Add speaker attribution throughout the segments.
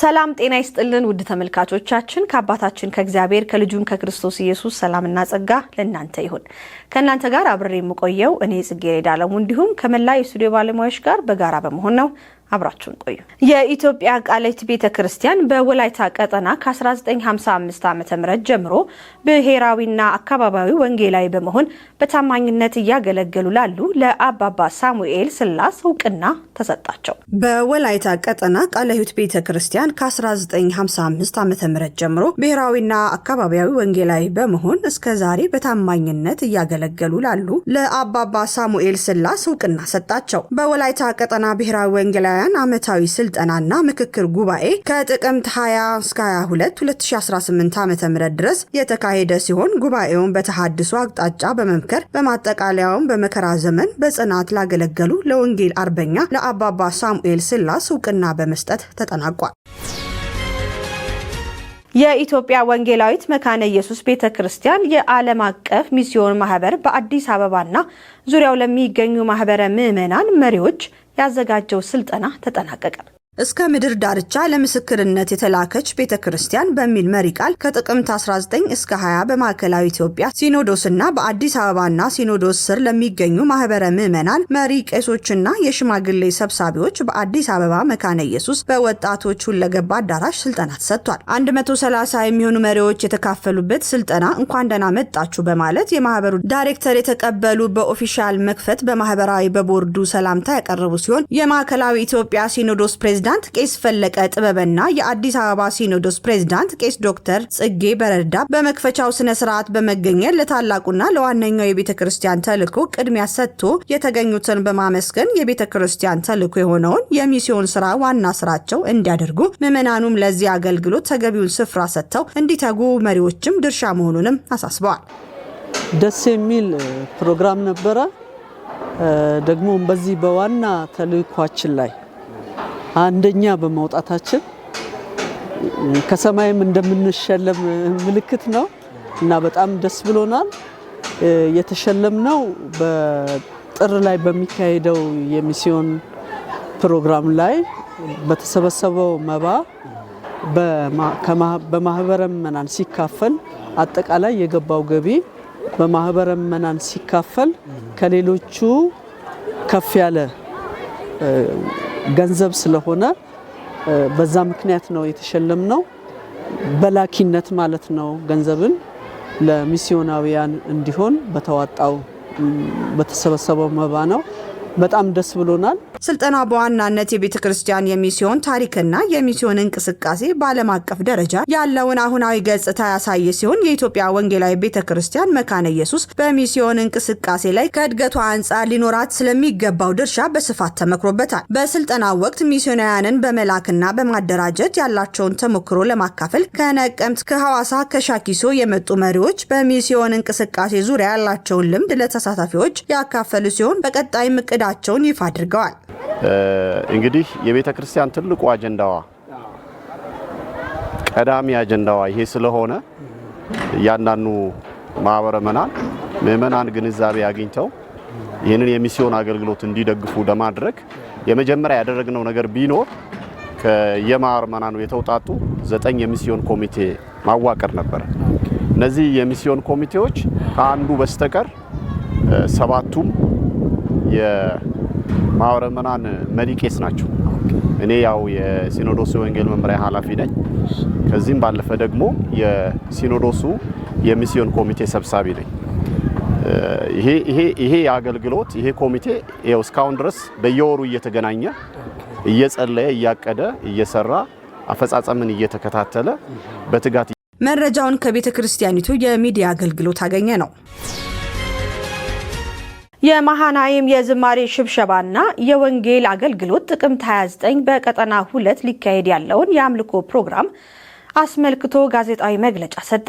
Speaker 1: ሰላም ጤና ይስጥልን ውድ ተመልካቾቻችን፣ ከአባታችን ከእግዚአብሔር ከልጁም ከክርስቶስ ኢየሱስ ሰላምና ጸጋ ለእናንተ ይሁን። ከእናንተ ጋር አብሬ የምቆየው እኔ ጽጌረዳ አለሙ እንዲሁም ከመላ የስቱዲዮ ባለሙያዎች ጋር በጋራ በመሆን ነው። አብራችሁን ቆዩ። የኢትዮጵያ ቃለት ቤተ ክርስቲያን በወላይታ ቀጠና ከ1955 ዓ ም ጀምሮ ብሔራዊና አካባቢያዊ ወንጌላዊ በመሆን በታማኝነት እያገለገሉ ላሉ ለአባባ ሳሙኤል ስላስ እውቅና ተሰጣቸው። በወላይታ ቀጠና ቃለ ሕይወት ቤተ ክርስቲያን ከ1955 ዓ ም ጀምሮ ብሔራዊና አካባቢያዊ ወንጌላዊ በመሆን እስከ ዛሬ በታማኝነት እያገለገሉ ላሉ ለአባባ ሳሙኤል ስላስ እውቅና ሰጣቸው። በወላይታ ቀጠና ብሔራዊ ወንጌላዊ ኢትዮጵያውያን ዓመታዊ ስልጠናና ምክክር ጉባኤ ከጥቅምት 20 እስከ 22 2018 ዓ.ም ድረስ የተካሄደ ሲሆን ጉባኤውን በተሃድሶ አቅጣጫ በመምከር በማጠቃለያውም በመከራ ዘመን በጽናት ላገለገሉ ለወንጌል አርበኛ ለአባባ ሳሙኤል ስላስ እውቅና በመስጠት ተጠናቋል። የኢትዮጵያ ወንጌላዊት መካነ ኢየሱስ ቤተ ክርስቲያን የዓለም አቀፍ ሚስዮን ማህበር በአዲስ አበባና ዙሪያው ለሚገኙ ማህበረ ምዕመናን መሪዎች ያዘጋጀው ስልጠና ተጠናቀቀ። እስከ ምድር ዳርቻ ለምስክርነት የተላከች ቤተ ክርስቲያን በሚል መሪ ቃል ከጥቅምት 19 እስከ 20 በማዕከላዊ ኢትዮጵያ ሲኖዶስና በአዲስ አበባና ሲኖዶስ ስር ለሚገኙ ማህበረ ምዕመናን መሪ ቄሶችና የሽማግሌ ሰብሳቢዎች በአዲስ አበባ መካነ ኢየሱስ በወጣቶች ሁለገባ አዳራሽ ስልጠና ተሰጥቷል። 130 የሚሆኑ መሪዎች የተካፈሉበት ስልጠና እንኳን ደህና መጣችሁ በማለት የማህበሩ ዳይሬክተር የተቀበሉ በኦፊሻል መክፈት በማህበራዊ በቦርዱ ሰላምታ ያቀረቡ ሲሆን የማዕከላዊ ኢትዮጵያ ሲኖዶስ ፕሬዚዳንት ፕሬዝዳንት ቄስ ፈለቀ ጥበበና የአዲስ አበባ ሲኖዶስ ፕሬዝዳንት ቄስ ዶክተር ጽጌ በረዳ በመክፈቻው ስነ ስርዓት በመገኘት ለታላቁና ለዋነኛው የቤተ ክርስቲያን ተልዕኮ ቅድሚያ ሰጥቶ የተገኙትን በማመስገን የቤተ ክርስቲያን ተልዕኮ የሆነውን የሚስዮን ስራ ዋና ስራቸው እንዲያደርጉ ምዕመናኑም ለዚህ አገልግሎት ተገቢውን ስፍራ ሰጥተው እንዲተጉ መሪዎችም ድርሻ መሆኑንም አሳስበዋል።
Speaker 2: ደስ የሚል ፕሮግራም ነበረ። ደግሞ በዚህ በዋና ተልዕኳችን ላይ አንደኛ በመውጣታችን ከሰማይም እንደምንሸለም ምልክት ነው እና በጣም ደስ ብሎናል። የተሸለምነው በጥር ላይ በሚካሄደው የሚሲዮን ፕሮግራም ላይ በተሰበሰበው መባ በማህበረ ምዕመናን ሲካፈል አጠቃላይ የገባው ገቢ በማህበረ ምዕመናን ሲካፈል ከሌሎቹ ከፍ ያለ ገንዘብ ስለሆነ በዛ ምክንያት ነው የተሸለምነው በላኪነት ማለት ነው። ገንዘብን ለሚስዮናውያን እንዲሆን በተዋጣው በተሰበሰበው መባ ነው። በጣም ደስ ብሎናል።
Speaker 1: ስልጠና በዋናነት የቤተ ክርስቲያን የሚስዮን ታሪክና የሚስዮን እንቅስቃሴ በዓለም አቀፍ ደረጃ ያለውን አሁናዊ ገጽታ ያሳየ ሲሆን የኢትዮጵያ ወንጌላዊ ቤተ ክርስቲያን መካነ ኢየሱስ በሚስዮን እንቅስቃሴ ላይ ከእድገቷ አንጻር ሊኖራት ስለሚገባው ድርሻ በስፋት ተመክሮበታል። በስልጠናው ወቅት ሚስዮናውያንን በመላክና በማደራጀት ያላቸውን ተሞክሮ ለማካፈል ከነቀምት፣ ከሐዋሳ፣ ከሻኪሶ የመጡ መሪዎች በሚስዮን እንቅስቃሴ ዙሪያ ያላቸውን ልምድ ለተሳታፊዎች ያካፈሉ ሲሆን በቀጣይም እቅዳቸውን ይፋ አድርገዋል።
Speaker 3: እንግዲህ የቤተ ክርስቲያን ትልቁ አጀንዳዋ ቀዳሚ አጀንዳዋ ይሄ ስለሆነ እያንዳንዱ ማህበረ መናን ምእመናን ግንዛቤ አግኝተው ይህንን የሚስዮን አገልግሎት እንዲደግፉ ለማድረግ የመጀመሪያ ያደረግነው ነገር ቢኖር ከየማህበረ መናኑ የተውጣጡ ዘጠኝ የሚስዮን ኮሚቴ ማዋቀር ነበረ። እነዚህ የሚስዮን ኮሚቴዎች ከአንዱ በስተቀር ሰባቱም ማውረመናን ምዕመናን መሪ ቄስ ናቸው። እኔ ያው የሲኖዶሱ የወንጌል መምሪያ ኃላፊ ነኝ። ከዚህም ባለፈ ደግሞ የሲኖዶሱ የሚስዮን ኮሚቴ ሰብሳቢ ነኝ። ይሄ የአገልግሎት ይሄ ኮሚቴ ይኸው እስካሁን ድረስ በየወሩ እየተገናኘ እየጸለየ እያቀደ እየሰራ አፈጻጸምን እየተከታተለ በትጋት
Speaker 1: መረጃውን ከቤተ ክርስቲያኒቱ የሚዲያ አገልግሎት አገኘ ነው። የመሃናይም የዝማሬ ሽብሸባና የወንጌል አገልግሎት ጥቅምት 29 በቀጠና ሁለት ሊካሄድ ያለውን የአምልኮ ፕሮግራም አስመልክቶ ጋዜጣዊ መግለጫ ሰጠ።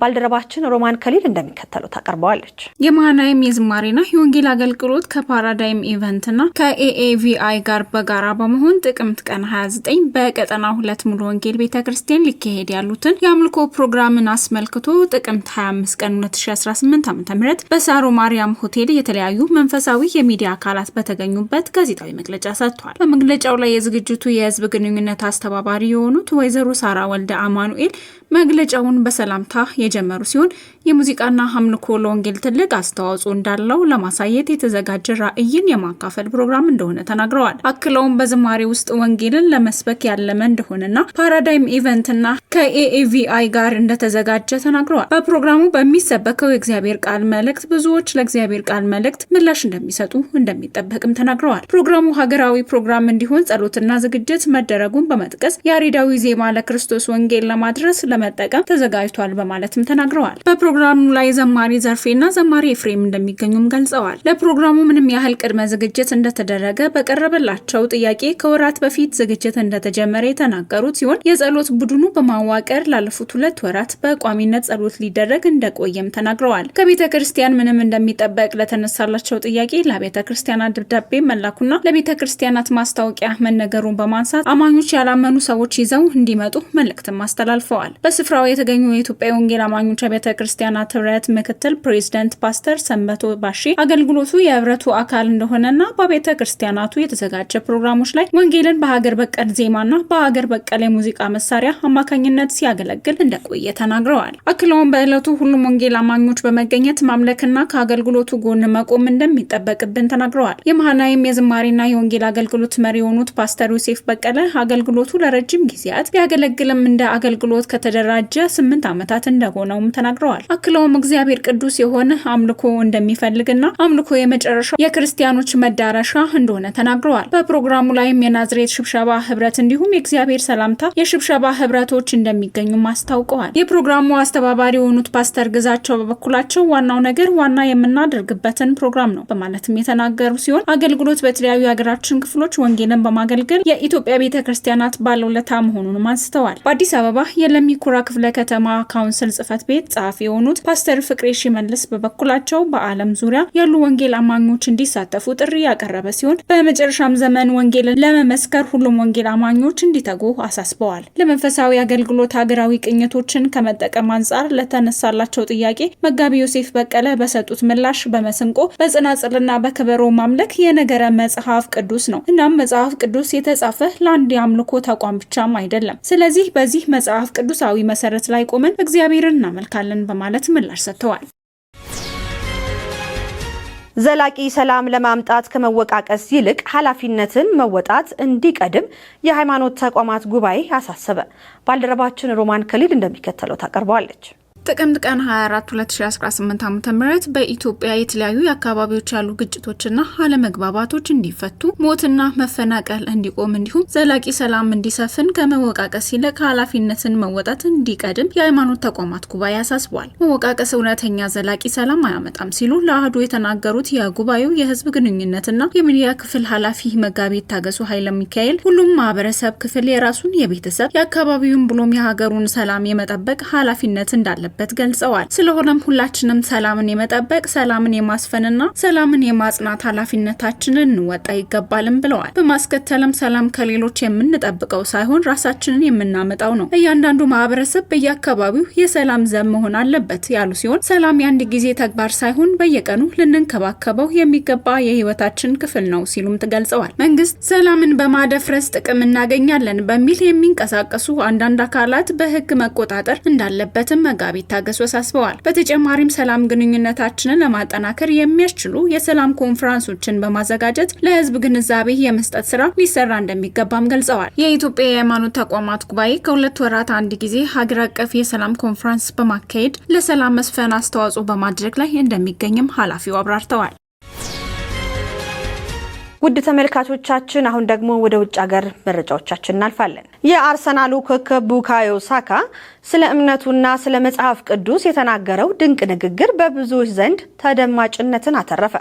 Speaker 1: ባልደረባችን ሮማን ከሊል እንደሚከተሉ ታቀርበዋለች። የመሃናይም የዝማሬና የወንጌል አገልግሎት ከፓራዳይም ኢቨንትና ከኤኤቪአይ ጋር በጋራ በመሆን ጥቅምት ቀን 29 በቀጠና ሁለት ሙሉ ወንጌል ቤተ ክርስቲያን ሊካሄድ ያሉትን የአምልኮ ፕሮግራምን አስመልክቶ ጥቅምት 25 ቀን 2018 ዓ ም በሳሮ ማርያም ሆቴል የተለያዩ መንፈሳዊ የሚዲያ አካላት በተገኙበት ጋዜጣዊ መግለጫ ሰጥቷል። በመግለጫው ላይ የዝግጅቱ የህዝብ ግንኙነት አስተባባሪ የሆኑት ወይዘሮ ሳራ ወልደ አማኑኤል መግለጫውን በሰላምታ የጀመሩ ሲሆን የሙዚቃና አምልኮ ለወንጌል ትልቅ አስተዋጽኦ እንዳለው ለማሳየት የተዘጋጀ ራዕይን የማካፈል ፕሮግራም እንደሆነ ተናግረዋል። አክለውም በዝማሬ ውስጥ ወንጌልን ለመስበክ ያለመ እንደሆነና ፓራዳይም ኢቨንትና ከኤኤቪአይ ጋር እንደተዘጋጀ ተናግረዋል። በፕሮግራሙ በሚሰበከው የእግዚአብሔር ቃል መልእክት ብዙዎች ለእግዚአብሔር ቃል መልእክት ምላሽ እንደሚሰጡ እንደሚጠበቅም ተናግረዋል። ፕሮግራሙ ሀገራዊ ፕሮግራም እንዲሆን ጸሎትና ዝግጅት መደረጉን በመጥቀስ ያሬዳዊ ዜማ ለክርስቶስ ወንጌል ለማድረስ ለመጠቀም ተዘጋጅቷል በማለትም ተናግረዋል። በፕሮግራሙ ላይ ዘማሪ ዘርፌና ዘማሪ ኤፍሬም እንደሚገኙም ገልጸዋል። ለፕሮግራሙ ምንም ያህል ቅድመ ዝግጅት እንደተደረገ በቀረበላቸው ጥያቄ ከወራት በፊት ዝግጅት እንደተጀመረ የተናገሩት ሲሆን የጸሎት ቡድኑ በማዋቀር ላለፉት ሁለት ወራት በቋሚነት ጸሎት ሊደረግ እንደቆየም ተናግረዋል። ከቤተ ክርስቲያን ምንም እንደሚጠበቅ ለተነሳላቸው ጥያቄ ለቤተ ክርስቲያናት ደብዳቤ መላኩና ለቤተ ክርስቲያናት ማስታወቂያ መነገሩን በማንሳት አማኞች ያላመኑ ሰዎች ይዘው እንዲመጡ መልእክትም አስተላልፈዋል። በስፍራው የተገኙ የኢትዮጵያ የወንጌል አማኞች ቤተ ክርስቲያናት ህብረት ምክትል ፕሬዚደንት ፓስተር ሰንበቶ ባሺ አገልግሎቱ የህብረቱ አካል እንደሆነና በቤተ ክርስቲያናቱ የተዘጋጀ ፕሮግራሞች ላይ ወንጌልን በሀገር በቀል ዜማና በሀገር በቀል የሙዚቃ መሳሪያ አማካኝነት ሲያገለግል እንደቆየ ተናግረዋል። አክለውም በዕለቱ ሁሉም ወንጌል አማኞች በመገኘት ማምለክና ከአገልግሎቱ ጎን መቆም እንደሚጠበቅብን ተናግረዋል። የመሃናይም የዝማሬና የወንጌል አገልግሎት መሪ የሆኑት ፓስተር ዮሴፍ በቀለ አገልግሎቱ ለረጅም ጊዜያት ቢያገለግልም እንደ አገልግሎት ከተደራጀ ስምንት ዓመታት እንደሆነውም ተናግረዋል። አክለውም እግዚአብሔር ቅዱስ የሆነ አምልኮ እንደሚፈልግና አምልኮ የመጨረሻ የክርስቲያኖች መዳረሻ እንደሆነ ተናግረዋል። በፕሮግራሙ ላይም የናዝሬት ሽብሸባ ህብረት እንዲሁም የእግዚአብሔር ሰላምታ የሽብሸባ ህብረቶች እንደሚገኙም አስታውቀዋል። የፕሮግራሙ አስተባባሪ የሆኑት ፓስተር ግዛቸው በበኩላቸው ዋናው ነገር ዋና የምናደርግበትን ፕሮግራም ነው በማለትም የተናገሩ ሲሆን አገልግሎት በተለያዩ የሀገራችን ክፍሎች ወንጌልን በማገልገል የኢትዮጵያ ቤተ ክርስቲያናት ባለውለታ መሆኑንም አንስተዋል። በአዲስ አበባ የለሚኩራ ክፍለ ከተማ ካውንስል ጽህፈት ቤት ጸሐፊ የሆኑት ፓስተር ፍቅሬ ሽመልስ በበኩላቸው በዓለም ዙሪያ ያሉ ወንጌል አማኞች እንዲሳተፉ ጥሪ ያቀረበ ሲሆን በመጨረሻም ዘመን ወንጌልን ለመመስከር ሁሉም ወንጌል አማኞች እንዲተጉ አሳስበዋል። ለመንፈሳዊ አገልግሎት ሀገራዊ ቅኝቶችን ከመጠቀም አንጻር ለተነሳላቸው ጥያቄ መጋቢ ዮሴፍ በቀለ በሰጡት ምላሽ በመስንቆ በጽናጽልና በከበሮ ማምለክ የነገረ መጽሐፍ ቅዱስ ነው። እናም መጽሐፍ ቅዱስ የተጻፈ ለአንድ የአምልኮ ተቋም ብቻም አይደለም። ስለዚህ በዚህ መጽሐፍ ቅዱሳዊ መሰረት ላይ ቆመን እግዚአብሔርን እናመልካለን በማለት ምላሽ ሰጥተዋል። ዘላቂ ሰላም ለማምጣት ከመወቃቀስ ይልቅ ኃላፊነትን መወጣት እንዲቀድም የሃይማኖት ተቋማት ጉባኤ አሳሰበ። ባልደረባችን ሮማን ከሊል እንደሚከተለው ታቀርበዋለች። ጥቅምት ቀን 24 2018 ዓ.ም በኢትዮጵያ የተለያዩ የአካባቢዎች ያሉ ግጭቶችና አለመግባባቶች እንዲፈቱ፣ ሞትና መፈናቀል እንዲቆም እንዲሁም ዘላቂ ሰላም እንዲሰፍን ከመወቃቀስ ይልቅ ኃላፊነትን መወጣት እንዲቀድም የሃይማኖት ተቋማት ጉባኤ አሳስቧል። መወቃቀስ እውነተኛ ዘላቂ ሰላም አያመጣም ሲሉ ለአህዱ የተናገሩት የጉባኤው የህዝብ ግንኙነትና የሚዲያ ክፍል ኃላፊ መጋቢ ታገሱ ኃይለ ሚካኤል ሁሉም ማህበረሰብ ክፍል የራሱን የቤተሰብ የአካባቢውን ብሎም የሀገሩን ሰላም የመጠበቅ ኃላፊነት እንዳለበት እንዳለበት ገልጸዋል። ስለሆነም ሁላችንም ሰላምን የመጠበቅ ሰላምን የማስፈንና ሰላምን የማጽናት ኃላፊነታችንን እንወጣ ይገባልም ብለዋል። በማስከተልም ሰላም ከሌሎች የምንጠብቀው ሳይሆን ራሳችንን የምናመጣው ነው። እያንዳንዱ ማህበረሰብ በየአካባቢው የሰላም ዘብ መሆን አለበት ያሉ ሲሆን ሰላም የአንድ ጊዜ ተግባር ሳይሆን በየቀኑ ልንንከባከበው የሚገባ የህይወታችን ክፍል ነው ሲሉም ገልጸዋል። መንግስት ሰላምን በማደፍረስ ጥቅም እናገኛለን በሚል የሚንቀሳቀሱ አንዳንድ አካላት በህግ መቆጣጠር እንዳለበትም መጋቢ እንደሚታገሱ አሳስበዋል። በተጨማሪም ሰላም ግንኙነታችንን ለማጠናከር የሚያስችሉ የሰላም ኮንፈረንሶችን በማዘጋጀት ለህዝብ ግንዛቤ የመስጠት ስራ ሊሰራ እንደሚገባም ገልጸዋል። የኢትዮጵያ የሃይማኖት ተቋማት ጉባኤ ከሁለት ወራት አንድ ጊዜ ሀገር አቀፍ የሰላም ኮንፈረንስ በማካሄድ ለሰላም መስፈን አስተዋጽኦ በማድረግ ላይ እንደሚገኝም ኃላፊው አብራርተዋል። ውድ ተመልካቾቻችን አሁን ደግሞ ወደ ውጭ ሀገር መረጃዎቻችን እናልፋለን። የአርሰናሉ ኮከብ ቡካዮ ሳካ ስለ እምነቱና ስለ መጽሐፍ ቅዱስ የተናገረው ድንቅ ንግግር በብዙዎች ዘንድ ተደማጭነትን አተረፈ።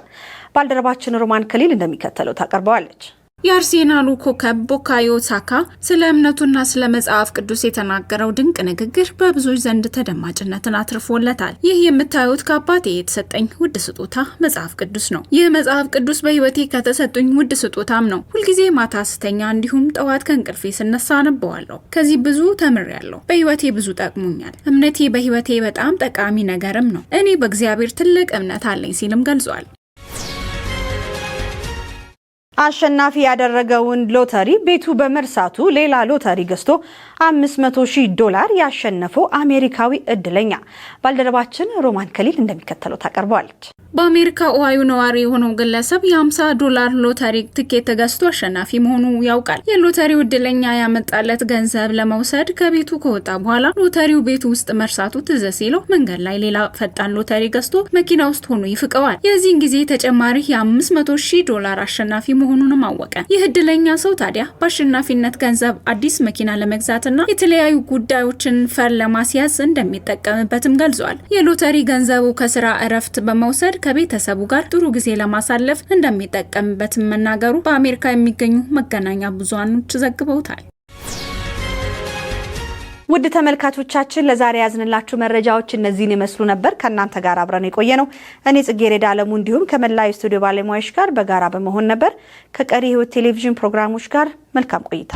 Speaker 1: ባልደረባችን ሮማን ከሊል እንደሚከተለው ታቀርበዋለች። የአርሴናሉ ኮከብ ቦካዮ ሳካ ስለ እምነቱና ስለ መጽሐፍ ቅዱስ የተናገረው ድንቅ ንግግር በብዙዎች ዘንድ ተደማጭነትን አትርፎለታል። ይህ የምታዩት ከአባቴ የተሰጠኝ ውድ ስጦታ መጽሐፍ ቅዱስ ነው። ይህ መጽሐፍ ቅዱስ በሕይወቴ ከተሰጡኝ ውድ ስጦታም ነው። ሁልጊዜ ማታ ስተኛ፣ እንዲሁም ጠዋት ከእንቅልፌ ስነሳ አነበዋለሁ። ከዚህ ብዙ ተምሬያለሁ። በሕይወቴ ብዙ ጠቅሙኛል። እምነቴ በሕይወቴ በጣም ጠቃሚ ነገርም ነው። እኔ በእግዚአብሔር ትልቅ እምነት አለኝ ሲልም ገልጿል። አሸናፊ ያደረገውን ሎተሪ ቤቱ በመርሳቱ ሌላ ሎተሪ ገዝቶ 500 ዶላር ያሸነፈው አሜሪካዊ እድለኛ ባልደረባችን ሮማን ከሊል እንደሚከተለው ታቀርበዋለች። በአሜሪካ ኦሃዮ ነዋሪ የሆነው ግለሰብ የ50 ዶላር ሎተሪ ትኬት ተገዝቶ አሸናፊ መሆኑ ያውቃል። የሎተሪው እድለኛ ያመጣለት ገንዘብ ለመውሰድ ከቤቱ ከወጣ በኋላ ሎተሪው ቤቱ ውስጥ መርሳቱ ትዝ ሲለው መንገድ ላይ ሌላ ፈጣን ሎተሪ ገዝቶ መኪና ውስጥ ሆኖ ይፍቀዋል። የዚህን ጊዜ ተጨማሪ የ500 ሺህ ዶላር አሸናፊ መሆኑንም አወቀ። ይህ እድለኛ ሰው ታዲያ በአሸናፊነት ገንዘብ አዲስ መኪና ለመግዛት ለማግኘትና የተለያዩ ጉዳዮችን ፈር ለማስያዝ እንደሚጠቀምበትም ገልጿል። የሎተሪ ገንዘቡ ከስራ እረፍት በመውሰድ ከቤተሰቡ ጋር ጥሩ ጊዜ ለማሳለፍ እንደሚጠቀምበትም መናገሩ በአሜሪካ የሚገኙ መገናኛ ብዙሃኖች ዘግበውታል። ውድ ተመልካቾቻችን ለዛሬ ያዝንላችሁ መረጃዎች እነዚህን ይመስሉ ነበር። ከእናንተ ጋር አብረን የቆየ ነው እኔ ጽጌረዳ አለሙ እንዲሁም ከመላዩ ስቱዲዮ ባለሙያዎች ጋር በጋራ በመሆን ነበር። ከቀሪ ህይወት ቴሌቪዥን ፕሮግራሞች ጋር መልካም ቆይታ